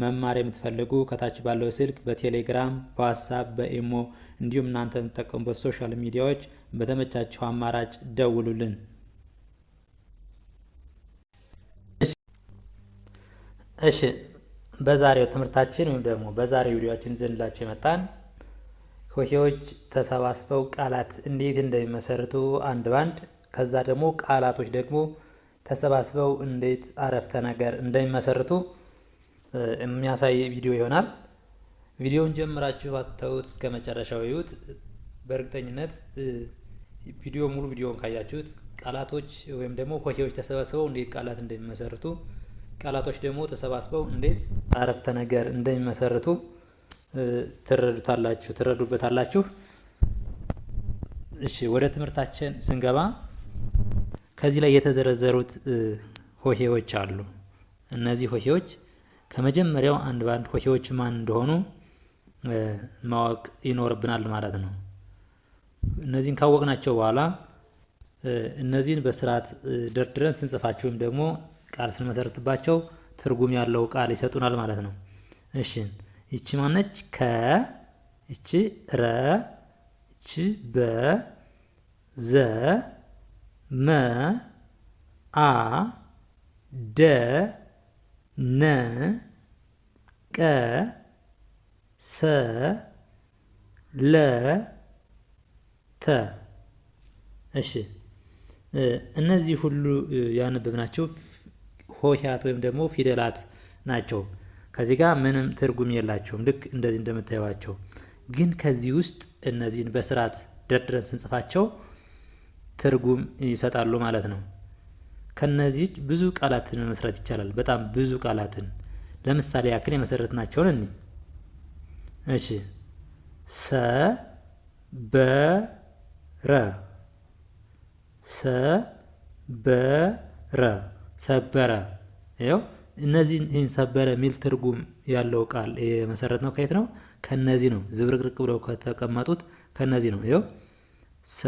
መማር የምትፈልጉ ከታች ባለው ስልክ በቴሌግራም በዋትሳፕ በኢሞ እንዲሁም እናንተ የምትጠቀሙበት ሶሻል ሚዲያዎች በተመቻቸው አማራጭ ደውሉልን። እሺ በዛሬው ትምህርታችን ወይም ደግሞ በዛሬው ቪዲዮችን ዘንላቸው የመጣን ሆሄዎች ተሰባስበው ቃላት እንዴት እንደሚመሰርቱ አንድ ባንድ ከዛ ደግሞ ቃላቶች ደግሞ ተሰባስበው እንዴት አረፍተ ነገር እንደሚመሰርቱ የሚያሳይ ቪዲዮ ይሆናል። ቪዲዮውን ጀምራችሁ አተውት እስከ መጨረሻው ይዩት። በእርግጠኝነት ቪዲዮ ሙሉ ቪዲዮውን ካያችሁት ቃላቶች ወይም ደግሞ ሆሄዎች ተሰባስበው እንዴት ቃላት እንደሚመሰርቱ ቃላቶች ደግሞ ተሰባስበው እንዴት አረፍተ ነገር እንደሚመሰርቱ ትረዱታላችሁ ትረዱበታላችሁ። እሺ ወደ ትምህርታችን ስንገባ ከዚህ ላይ የተዘረዘሩት ሆሄዎች አሉ። እነዚህ ሆሄዎች ከመጀመሪያው አንድ ባንድ ሆሄዎች ማን እንደሆኑ ማወቅ ይኖርብናል ማለት ነው። እነዚህን ካወቅናቸው በኋላ እነዚህን በስርዓት ደርድረን ስንጽፋቸው ወይም ደግሞ ቃል ስንመሰርትባቸው ትርጉም ያለው ቃል ይሰጡናል ማለት ነው። እሺ ይቺ ማነች? ከ ይቺ ረ ይቺ በ ዘ መ አ ደ ነ ቀ ሰ ለ ተ እሺ እነዚህ ሁሉ ያነበብናቸው ሆሄያት ወይም ደግሞ ፊደላት ናቸው። ከዚህ ጋር ምንም ትርጉም የላቸውም። ልክ እንደዚህ እንደምታዩዋቸው። ግን ከዚህ ውስጥ እነዚህን በስርዓት ደርድረን ስንጽፋቸው ትርጉም ይሰጣሉ ማለት ነው። ከነዚህ ብዙ ቃላትን መመስረት ይቻላል። በጣም ብዙ ቃላትን ለምሳሌ ያክል የመሰረትናቸውን እኒ እሺ ሰ በ ረ ሰ በ ረ ሰበረ ይኸው እነዚህ ይህን ሰበረ የሚል ትርጉም ያለው ቃል የመሰረት ነው። ከየት ነው? ከነዚህ ነው። ዝብርቅርቅ ብለው ከተቀመጡት ከነዚህ ነው። ይኸው ሰ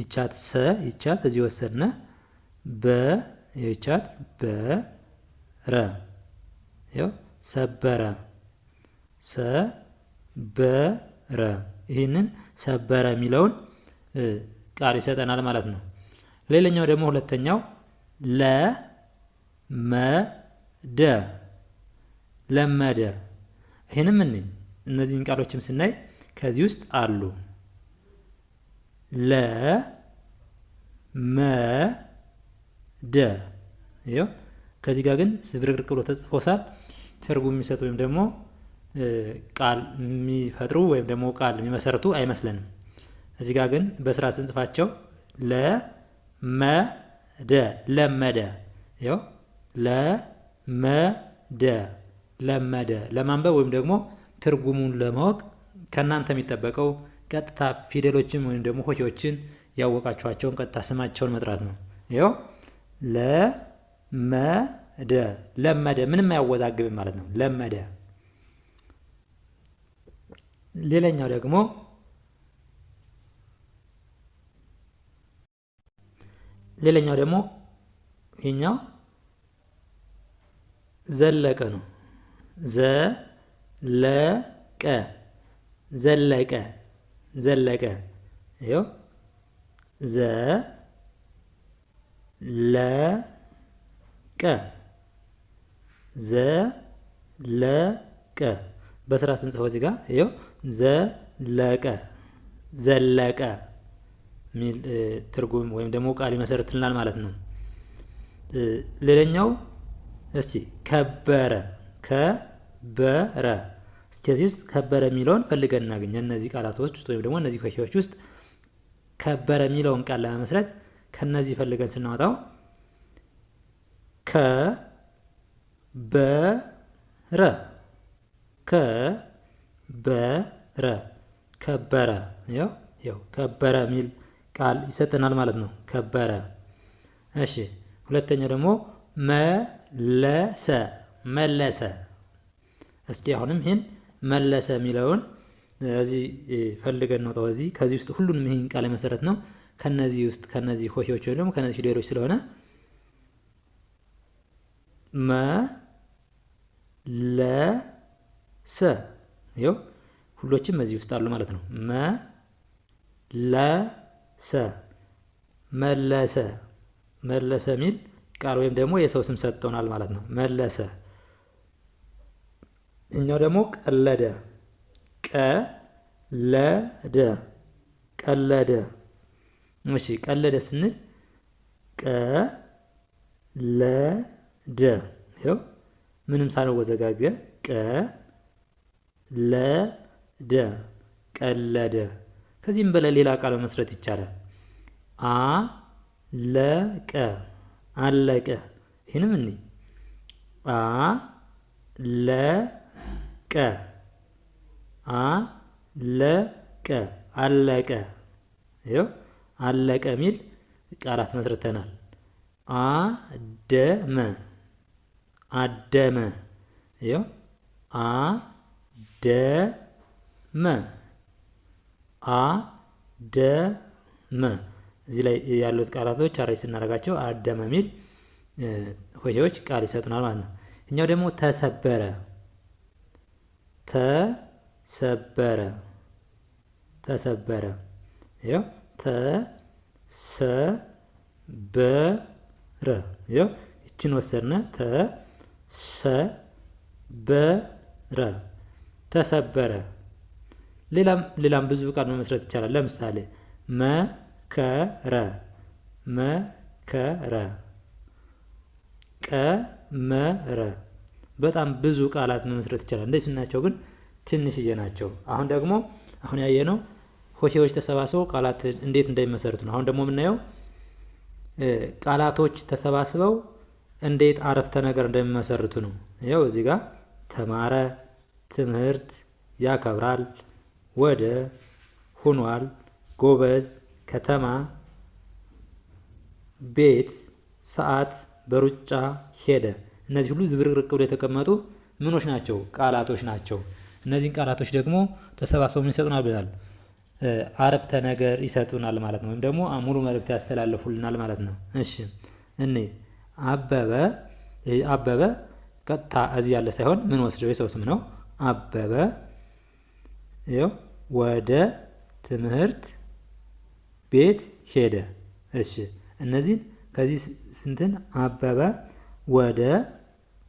ይቻት ሰ ይቻት እዚህ ወሰድነ በ ይቻት በረ ያው ሰበረ ሰ ሰበረ ይህንን ሰበረ የሚለውን ቃል ይሰጠናል ማለት ነው። ሌላኛው ደግሞ ሁለተኛው ለ መ ለመደ ለመደ ይህንም እነዚህን ቃሎችም ስናይ ከዚህ ውስጥ አሉ። ለመደ ይኸው ከዚህ ጋር ግን ዝብርቅርቅ ብሎ ተጽፎሳል። ትርጉም የሚሰጡ ወይም ደግሞ ቃል የሚፈጥሩ ወይም ደግሞ ቃል የሚመሰርቱ አይመስለንም። እዚህ ጋር ግን በስራ ስንጽፋቸው ለመደ ለመደ ይኸው ለመደ ለመደ ለማንበብ ወይም ደግሞ ትርጉሙን ለማወቅ ከእናንተ የሚጠበቀው ቀጥታ ፊደሎችን ወይም ደግሞ ሆሄዎችን ያወቃችኋቸውን ቀጥታ ስማቸውን መጥራት ነው። ይኸው ለመደ ለመደ፣ ምንም አያወዛግብም ማለት ነው። ለመደ። ሌላኛው ደግሞ ሌላኛው ደግሞ ይኛው ዘለቀ ነው። ዘለቀ ዘለቀ ዘለቀ ዮ ዘ ለ ቀ ዘ ለ ቀ በስራ ስንጽፈው እዚህ ጋ ዮ ዘ ለቀ ዘለቀ የሚል ትርጉም ወይም ደግሞ ቃል ይመሰርትልናል ማለት ነው። ሌላኛው እስቲ ከበረ ከበረ ከዚህ ውስጥ ከበረ የሚለውን ፈልገን እናገኘ እነዚህ ቃላቶች ውስጥ ወይም ደግሞ እነዚህ ኳሻዎች ውስጥ ከበረ የሚለውን ቃል ለመመስረት ከነዚህ ፈልገን ስናወጣው ከበረ ከበረ ከበረ ው ው ከበረ የሚል ቃል ይሰጠናል ማለት ነው። ከበረ። እሺ ሁለተኛው ደግሞ መለሰ መለሰ። እስኪ አሁንም ይህን መለሰ የሚለውን እዚህ ፈልገን ነው እዚህ ከዚህ ውስጥ ሁሉንም ይህን ቃለ መሰረት ነው ከነዚህ ውስጥ ከነዚህ ሆሄዎች ወይም ደግሞ ከነዚህ ፊደሎች ስለሆነ ሰ ይኸው ሁሎችም እዚህ ውስጥ አሉ ማለት ነው። ሰ መለሰ መለሰ ሚል ቃል ወይም ደግሞ የሰው ስም ሰጥቶናል ማለት ነው። መለሰ እኛው ደግሞ ቀለደ ቀለደ ቀለደ። እሺ ቀለደ ስንል ቀለደ ይኸው ምንም ሳንወዘጋገ ቀለደ ቀለደ። ከዚህም በላይ ሌላ ቃል መመስረት ይቻላል። አለቀ አለቀ። ይህንም እኔ አለቀ ቀ አ ለ ቀ አለቀ። ይኸው አለቀ የሚል ቃላት መስርተናል። አደመ አደመ ይኸው አደመ አደመ እዚህ ላይ ያሉት ቃላቶች አረጅ ስናደርጋቸው አደመ የሚል ሆሄዎች ቃል ይሰጡናል ማለት ነው። እኛው ደግሞ ተሰበረ ተሰበረ ተሰበረ ይኸው ተሰበረ ይኸው ይችን ወሰድነ ተሰበረ ተሰበረ። ሌላም ሌላም ብዙ ቃል መመስረት ይቻላል። ለምሳሌ መከረ መከረ ቀመረ በጣም ብዙ ቃላት መመስረት ይቻላል። እንደዚህ ስናቸው ግን ትንሽዬ ናቸው። አሁን ደግሞ አሁን ያየነው ሆሄዎች ተሰባስበው ቃላት እንዴት እንደሚመሰርቱ ነው። አሁን ደግሞ የምናየው ቃላቶች ተሰባስበው እንዴት አረፍተ ነገር እንደሚመሰርቱ ነው። ይኸው እዚህ ጋር ተማረ፣ ትምህርት፣ ያከብራል፣ ወደ፣ ሁኗል፣ ጎበዝ፣ ከተማ፣ ቤት፣ ሰዓት፣ በሩጫ ሄደ እነዚህ ሁሉ ዝብርቅርቅ ብሎ የተቀመጡ ምኖች ናቸው? ቃላቶች ናቸው። እነዚህን ቃላቶች ደግሞ ተሰባስበው ምን ይሰጡናል ብላል? አረፍተ ነገር ይሰጡናል ማለት ነው። ወይም ደግሞ ሙሉ መልእክት ያስተላለፉልናል ማለት ነው። እሺ እኔ አበበ አበበ ቀጥታ እዚህ ያለ ሳይሆን ምን ወስደው የሰው ስም ነው። አበበ ይኸው ወደ ትምህርት ቤት ሄደ። እሺ እነዚህን ከዚህ ስንትን አበበ ወደ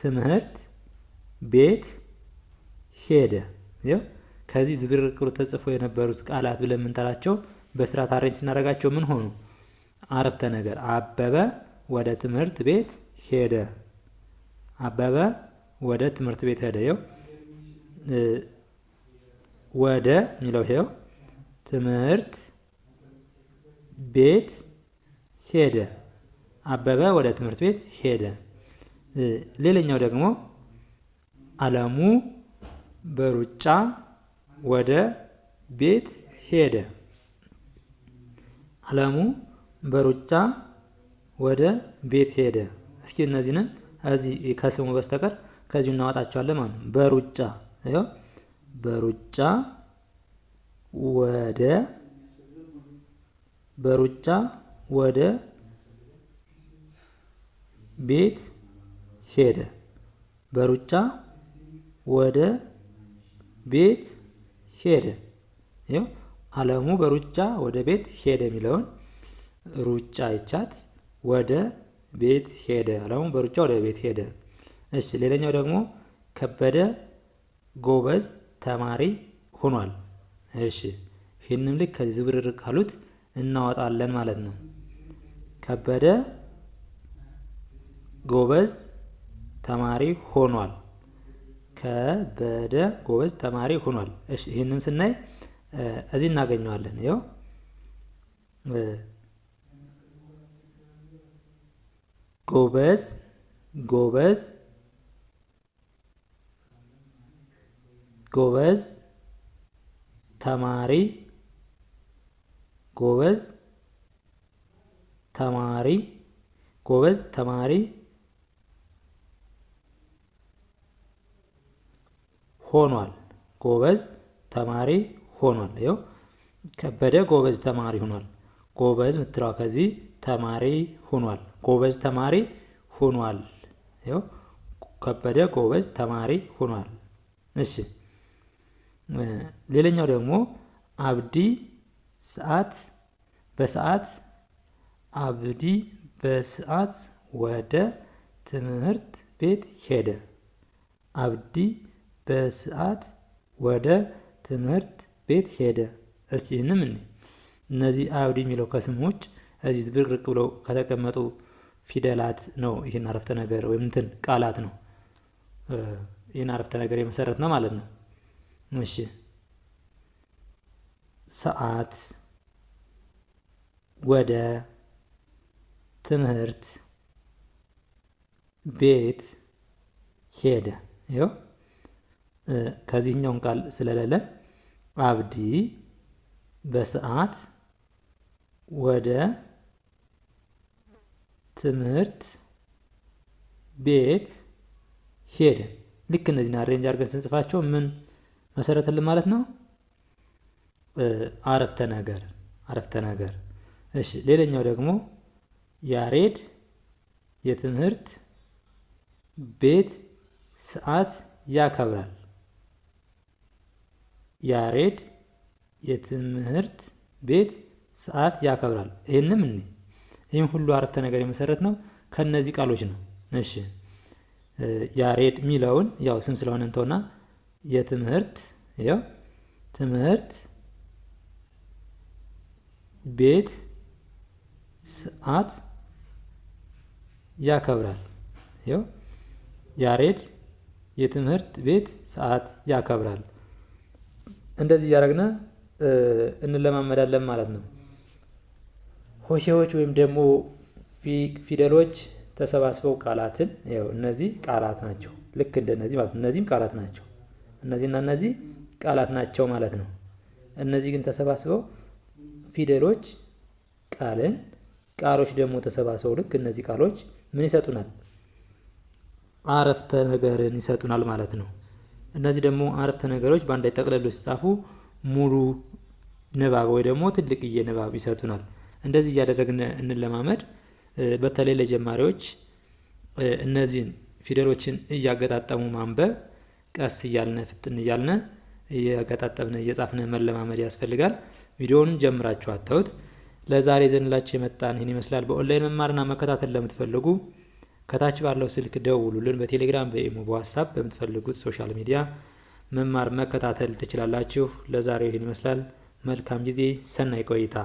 ትምህርት ቤት ሄደ። ከዚህ ዝብርቅሩ ተጽፎ የነበሩት ቃላት ብለን የምንጠራቸው በስርዓት አሬንጅ ስናደርጋቸው ምን ሆኑ? አረፍተ ነገር። አበበ ወደ ትምህርት ቤት ሄደ። አበበ ወደ ትምህርት ቤት ሄደ። ይኸው ወደ የሚለው ይኸው ትምህርት ቤት ሄደ። አበበ ወደ ትምህርት ቤት ሄደ። ሌላኛው ደግሞ አለሙ በሩጫ ወደ ቤት ሄደ። አለሙ በሩጫ ወደ ቤት ሄደ። እስኪ እነዚህንም እዚህ ከስሙ በስተቀር ከዚሁ እናወጣቸዋለን ማለት ነው። በሩጫ ይኸው በሩጫ ወደ በሩጫ ወደ ቤት ሄደ። በሩጫ ወደ ቤት ሄደ። ይኸው አለሙ በሩጫ ወደ ቤት ሄደ የሚለውን ሩጫ ይቻት ወደ ቤት ሄደ። አለሙ በሩጫ ወደ ቤት ሄደ። እሺ፣ ሌላኛው ደግሞ ከበደ ጎበዝ ተማሪ ሆኗል። እሺ፣ ይህንም ልክ ከዚህ ዝብርር ካሉት እናወጣለን ማለት ነው። ከበደ ጎበዝ ተማሪ ሆኗል። ከበደ ጎበዝ ተማሪ ሆኗል። እሺ ይህንም ስናይ እዚህ እናገኘዋለን። ይኸው ጎበዝ ጎበዝ ጎበዝ ተማሪ ጎበዝ ተማሪ ጎበዝ ተማሪ ሆኗል። ጎበዝ ተማሪ ሆኗል። ይኸው ከበደ ጎበዝ ተማሪ ሆኗል። ጎበዝ ምትለዋ ከዚህ ተማሪ ሆኗል። ጎበዝ ተማሪ ሆኗል። ይኸው ከበደ ጎበዝ ተማሪ ሆኗል። እሺ ሌላኛው ደግሞ አብዲ ሰዓት በሰዓት አብዲ በሰዓት ወደ ትምህርት ቤት ሄደ። አብዲ በሰዓት ወደ ትምህርት ቤት ሄደ። እስቲ ይህንም እኔ እነዚህ አብዲ የሚለው ከስሞች እዚህ ዝብርቅርቅ ብለው ከተቀመጡ ፊደላት ነው። ይህን አረፍተ ነገር ወይም እንትን ቃላት ነው። ይህን አረፍተ ነገር የመሰረት ነው ማለት ነው። እሺ ሰዓት ወደ ትምህርት ቤት ሄደ። ይኸው ከዚህኛውን ቃል ስለሌለን አብዲ በሰዓት ወደ ትምህርት ቤት ሄደ። ልክ እነዚህን አሬንጅ አድርገን ስንጽፋቸው ምን መሰረትን ማለት ነው? አረፍተ ነገር አረፍተ ነገር። እሺ፣ ሌላኛው ደግሞ ያሬድ የትምህርት ቤት ሰዓት ያከብራል። ያሬድ የትምህርት ቤት ሰዓት ያከብራል። ይህንም እኔ ይህም ሁሉ አረፍተ ነገር የመሰረት ነው ከነዚህ ቃሎች ነው። እሺ ያሬድ ሚለውን ያው ስም ስለሆነ እንተውና የትምህርት ያው ትምህርት ቤት ሰዓት ያከብራል። ያው ያሬድ የትምህርት ቤት ሰዓት ያከብራል። እንደዚህ እያደረግን እንለማመዳለን ማለት ነው። ሆሄዎች ወይም ደግሞ ፊደሎች ተሰባስበው ቃላትን ያው እነዚህ ቃላት ናቸው። ልክ እንደነዚህ ማለት እነዚህም ቃላት ናቸው። እነዚህና እነዚህ ቃላት ናቸው ማለት ነው። እነዚህ ግን ተሰባስበው ፊደሎች ቃልን፣ ቃሎች ደግሞ ተሰባስበው ልክ እነዚህ ቃሎች ምን ይሰጡናል? አረፍተ ነገርን ይሰጡናል ማለት ነው። እነዚህ ደግሞ አረፍተ ነገሮች በአንድ ላይ ጠቅልሎ ሲጻፉ ሙሉ ንባብ ወይ ደግሞ ትልቅዬ ንባብ ይሰጡናል። እንደዚህ እያደረግን እንለማመድ። በተለይ ለጀማሪዎች እነዚህን ፊደሎችን እያገጣጠሙ ማንበብ ቀስ እያልነ ፍጥን እያልነ እያገጣጠምነ እየጻፍነ መለማመድ ያስፈልጋል። ቪዲዮውንም ጀምራችሁ አተውት ለዛሬ ዘንላችሁ የመጣን ይህን ይመስላል። በኦንላይን መማርና መከታተል ለምትፈልጉ ከታች ባለው ስልክ ደውሉልን። በቴሌግራም፣ በኢሞ፣ በዋትሳፕ በምትፈልጉት ሶሻል ሚዲያ መማር መከታተል ትችላላችሁ። ለዛሬው ይህን ይመስላል። መልካም ጊዜ፣ ሰናይ ቆይታ